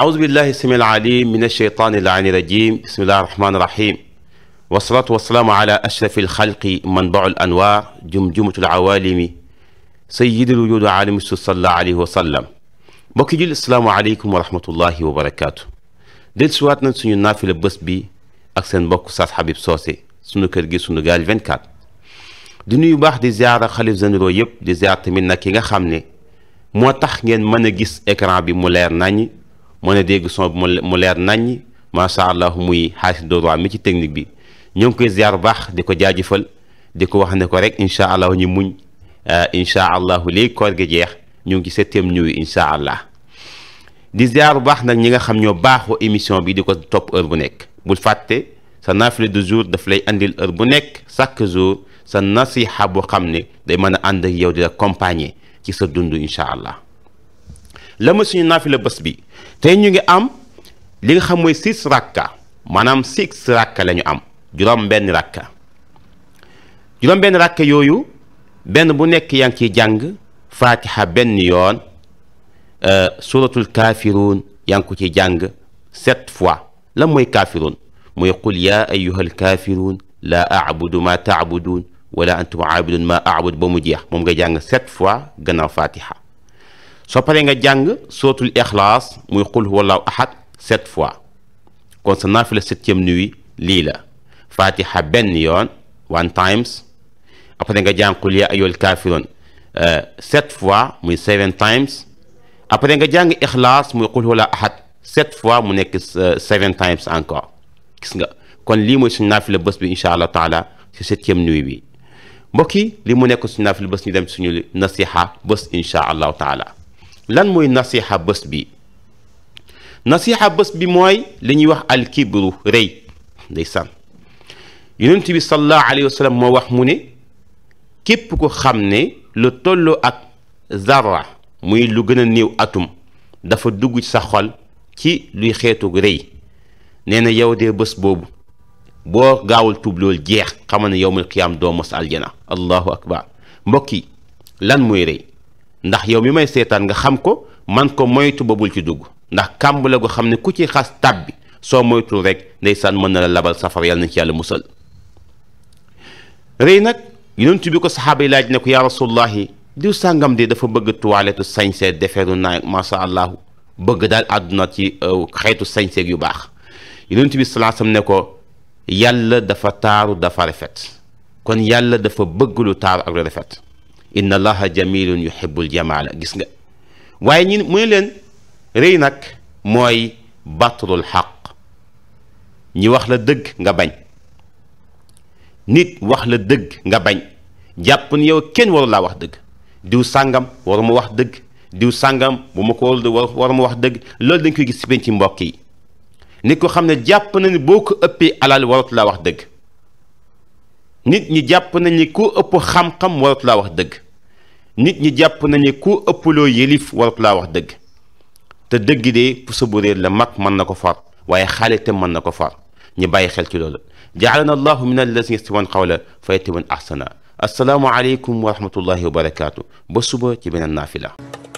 أعوذ بالله السميع العليم من الشيطان اللعين الرجيم بسم الله الرحمن الرحيم والصلاة والسلام على أشرف الخلق منبع الأنوار جمجمة العوالم سيد الوجود عالم صلى الله عليه وسلم mbokki jul asalaamu aleykum wa rahmatullahi wa barakaatu del suwaat nañ suñu naafila bés bi ak seen mbokk Saas Habib Socé suñu kër gi suñu gaal 24 di nuyu baax di ziara xalif généraux yëpp di ziar tamit nag ki nga xam ne moo tax ngeen mën a gis écran bi mu leer naññ moo ne dégg son bi mu leer naññ macha allah muy xaalis Dóor mi ci technique bi ñoo ngi koy ziar bu baax di ko jaajëfal di ko wax ne ko rek incha allah ñu muñ euh, incha allah léegi koor gi jeex ñu ngi ci septième nuit incha allah di ziar bu baax nag ñi nga xam ñoo baaxoo émission bi di ko topp heure bu nekk bul fàtte sa naafile du jour daf lay andil heure bu nekk chaque jour sa nasiha boo xam ne day mën a ànd ak yow di la ci sa dund incha allah. la ma suñu naafila bés bi tey ñu ngi am li nga xam mooy six rakka maanaam six rakka lañu am juróom benn rakka juróom yooyu benn bu nekk yaa ngi ciy jàng fatiha benn yoon euh, suratul kaafiruun yaa ngi ko ciy jàng sept fois la mooy kaafiruun mooy qul yaa ayyuhal kaafiruun laa a'budu ma ta'buduun wala antum aabidun ma a'bud ba mu jeex moom nga jàng sept fois gannaaw fatiha soo paree nga jàng sootul ixlaas muy qul huwallahu ahad sept fois kon sa naafila septième nuit lii la fatiha benn yoon one times après nga jàng qul yaa ayyuhal kaafiroon euh, sept fois muy seven times après nga jàng ixlaas muy qul huwallahu ahad sept fois mu nekk euh, seven times encore gis nga kon lii mooy suñu naafila bés bi incha allah taala si septième nuit bi mbokk yi li mu nekk suñu naafila bés ñu dem suñu nasiha bés incha allahu taala lan mooy nasiixa bés bi nasiixa bés bi mooy li ñuy wax alkibru rëy ndeysaan yonent bi sallallahu alayhi wa moo wax mu ne képp ko xam ne lu tolloo ak zarra muy lu gën a néew atum dafa dugg sa xol ci luy xeetu rëy nee na yow de bés boobu boo gaawul tuub loolu jeex xamal ne yowmal qiyaam doo mos aljana allahu akbar mbokk yi lan mooy rëy ndax yow mi may seetaan nga xam ko man ko moytu ba bul ci dugg ndax kàmb la goo xam ne ku ci xas tàbbi soo moytul rek ndeysaan mën na la labal safar yàlla na ci yàlla musal rëy nag yonent bi ko saxaaba laaj ne ko yaa rasulullahi diw sàngam de dafa bëgg tuwaletu sañsee defeeru naa macha allah bëgg daal àdduna ci euh, xeetu sañseeg yu baax yonent bi salaasam ne ko yàlla dafa taaru dafa rafet kon yàlla dafa bëgg lu taaru ak lu rafet inna allaha jamilun yuhibbul jamala gis nga waaye ñi mu ne leen rëy nag mooy batrul xaq ñi wax la dëgg nga bañ nit wax la dëgg nga bañ jàpp ni yow kenn waru laa wax dëgg diw sàngam waru ma wax dëgg diw sàngam bu ma ko war waru wax dëgg loolu dañ koy gis ci penc ci mbokk yi nit ko xam ne jàpp na ni boo ko ëppee alal waratu laa wax dëgg nit ñi jàpp nañ ni ku ëpp xam-xam waratu laa wax dëgg nit ñi jàpp nañ ku ëpp loo yëlif laa wax dëgg te dëgg de puso bu réer la mag mën na ko far waaye xale te mën na ko far ñu bàyyi xel ci loolu jaalana allahu min allazina yastami'una qawla fa yattabi'una ahsana assalaamu aleykum wa rahmatullahi wa barakaatu ba suba ci beneen naafila